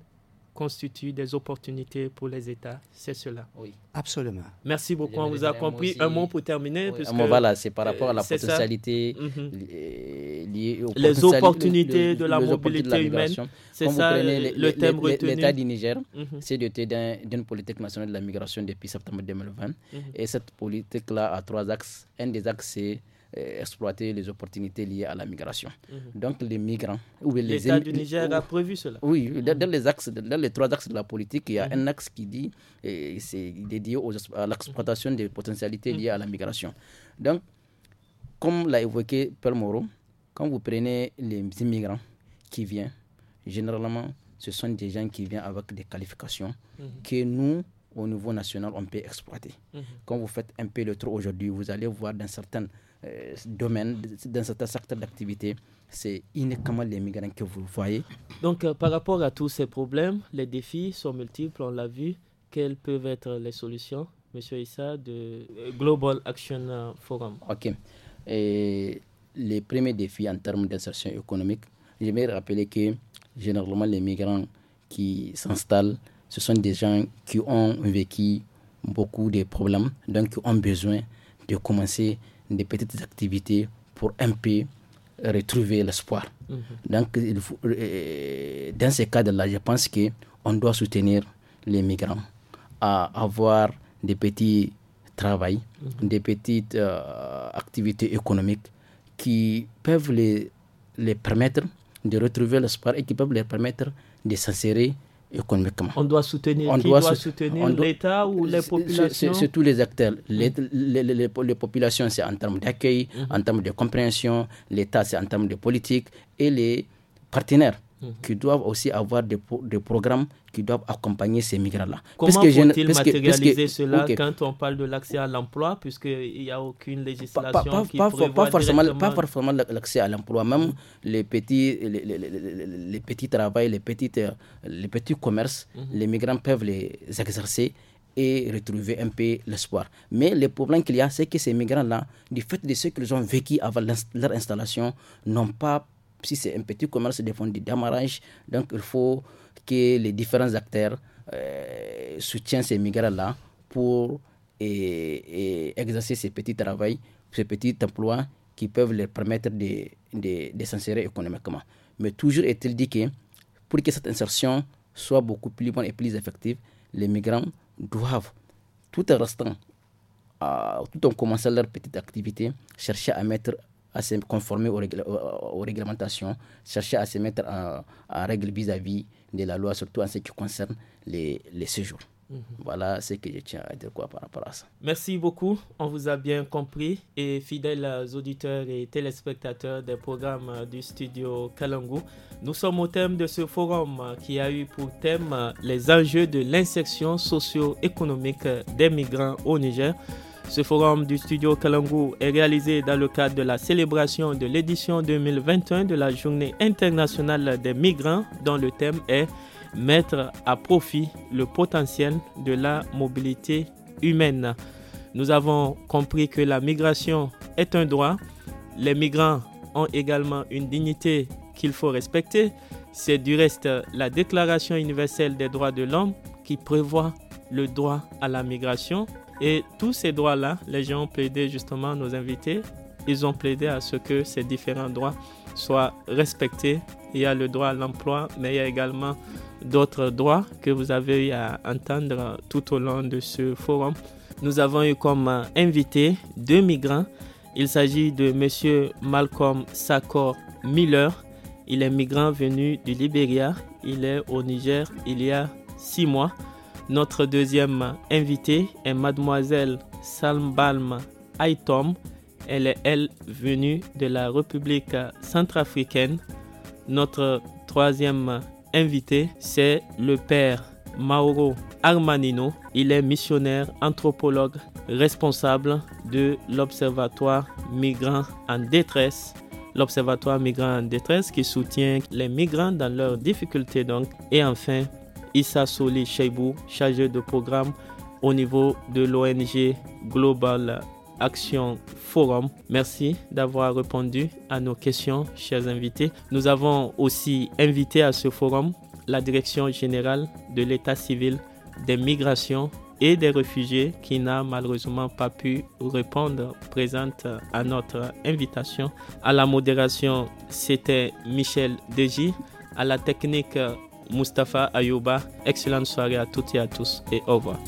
Speaker 1: constituent des opportunités pour les États. C'est cela. Oui. Absolument. Merci beaucoup. On vous a compris. Un mot pour terminer.
Speaker 5: voilà, c'est par euh, rapport à la potentialité mhm. euh, liée aux Les opportunités de la mobilité humaine. C'est ça le, thème L'État du Niger mhm. s'est doté d'une politique nationale de la migration depuis septembre 2020. Mhm. Et cette politique-là a trois axes. Un des axes, c'est euh, exploiter les opportunités liées à la migration. Mhm. Donc les migrants ou les L'État du Niger a prévu cela. Oui, dans, les axes, dans les trois axes de la politique, il y a mhm. un axe qui dit c'est dédié à l'exploitation des potentialités mhm. liées à la migration. Donc, comme l'a évoqué Paul Moreau, quand vous prenez les immigrants qui viennent, généralement, ce sont des gens qui viennent avec des qualifications que nous, au niveau national, on peut exploiter. Quand vous faites un peu le tour aujourd'hui, vous allez voir dans certaines euh, domaine, dans certains secteurs d'activité, c'est uniquement les migrants que vous voyez.
Speaker 1: Donc, euh, par rapport à tous ces problèmes, les défis sont multiples, on l'a vu. Quelles peuvent être les solutions, Monsieur Issa, de euh, Global Action Forum
Speaker 5: Ok. Et les premiers défis en termes d'insertion économique, j'aimerais rappeler que généralement les migrants qui s'installent, ce sont des gens qui ont vécu beaucoup de problèmes, donc qui ont besoin de commencer des petites activités pour un peu retrouver l'espoir. Mhm. Donc, euh, dans ce cadre là je pense qu'on doit soutenir les migrants à avoir des petits travaux, mhm. des petites euh, activités économiques qui peuvent les, les permettre de retrouver l'espoir et qui peuvent leur permettre de s'insérer on doit soutenir, on doit, soutenir l'État
Speaker 1: ou les populations C'est
Speaker 5: tous les acteurs. Les, populations, c'est en termes d'accueil, mm-hmm. en termes de compréhension, l'État, c'est en termes de politique, et les partenaires. Mhm. qui doivent aussi avoir des, programmes qui doivent accompagner ces migrants-là. Comment faut-il matérialiser cela quand
Speaker 1: on parle de l'accès à l'emploi, puisqu'il n'y a aucune législation qui prévoit forcément, Pas forcément
Speaker 5: l'accès à l'emploi, même les petits, les, petits travails, les, euh, les petits commerces, mhm. les migrants peuvent les exercer et retrouver un peu l'espoir. Mais le problème qu'il y a, c'est que ces migrants-là, du fait de ce qu'ils ont vécu avant leur installation, n'ont pas si c'est un petit commerce de fonds de démarrage. Donc il faut que les différents acteurs euh, soutiennent ces migrants-là pour exercer ces petits travaux, ces petits emplois qui peuvent leur permettre de, s'insérer économiquement. Mais toujours est-il dit que pour que cette insertion soit beaucoup plus bonne et plus effective, les migrants doivent, tout en restant, euh, tout en commençant leur petite activité, chercher à mettre à se conformer aux, réglementations, chercher à se mettre en, règle vis-à-vis de la loi, surtout en ce qui concerne les, séjours. Mhm. Voilà ce que je tiens à dire quoi par rapport à
Speaker 1: ça. Merci beaucoup, on vous a bien compris. Et fidèles auditeurs et téléspectateurs des programmes euh, du studio Kalangu, nous sommes au thème de ce forum euh, qui a eu pour thème euh, les enjeux de l'insertion socio-économique des migrants au Niger. Ce forum du studio Kalangu est réalisé dans le cadre de la célébration de l'édition 2021 de la Journée internationale des migrants dont le thème est Mettre à profit le potentiel de la mobilité humaine. Nous avons compris que la migration est un droit. Les migrants ont également une dignité qu'il faut respecter. C'est du reste la Déclaration universelle des droits de l'homme qui prévoit le droit à la migration et tous ces droits-là, les gens ont plaidé justement nos invités, ils ont plaidé à ce que ces différents droits soient respectés. Il y a le droit à l'emploi, mais il y a également d'autres droits que vous avez eu à entendre tout au long de ce forum. Nous avons eu comme invité deux migrants. Il s'agit de M. Malcolm Sakor Miller. Il est migrant venu du Libéria. Il est au Niger il y a six mois. Notre deuxième invité est mademoiselle Salmbalm Aitom. Elle est, elle, venue de la République centrafricaine. Notre troisième invité, c'est le père Mauro Armanino. Il est missionnaire, anthropologue, responsable de l'Observatoire Migrants en détresse. L'Observatoire Migrants en détresse qui soutient les migrants dans leurs difficultés donc. Et enfin, Issa Soli Cheibou, chargé de programme au niveau de l'ONG Global Action Forum. Merci d'avoir répondu à nos questions, chers invités. Nous avons aussi invité à ce forum la Direction générale de l'État civil des migrations et des réfugiés qui n'a malheureusement pas pu répondre présente à notre invitation. À la modération, c'était Michel Deji. À la technique, Mustafa Ayouba. Excellente soirée à toutes et à tous et au revoir.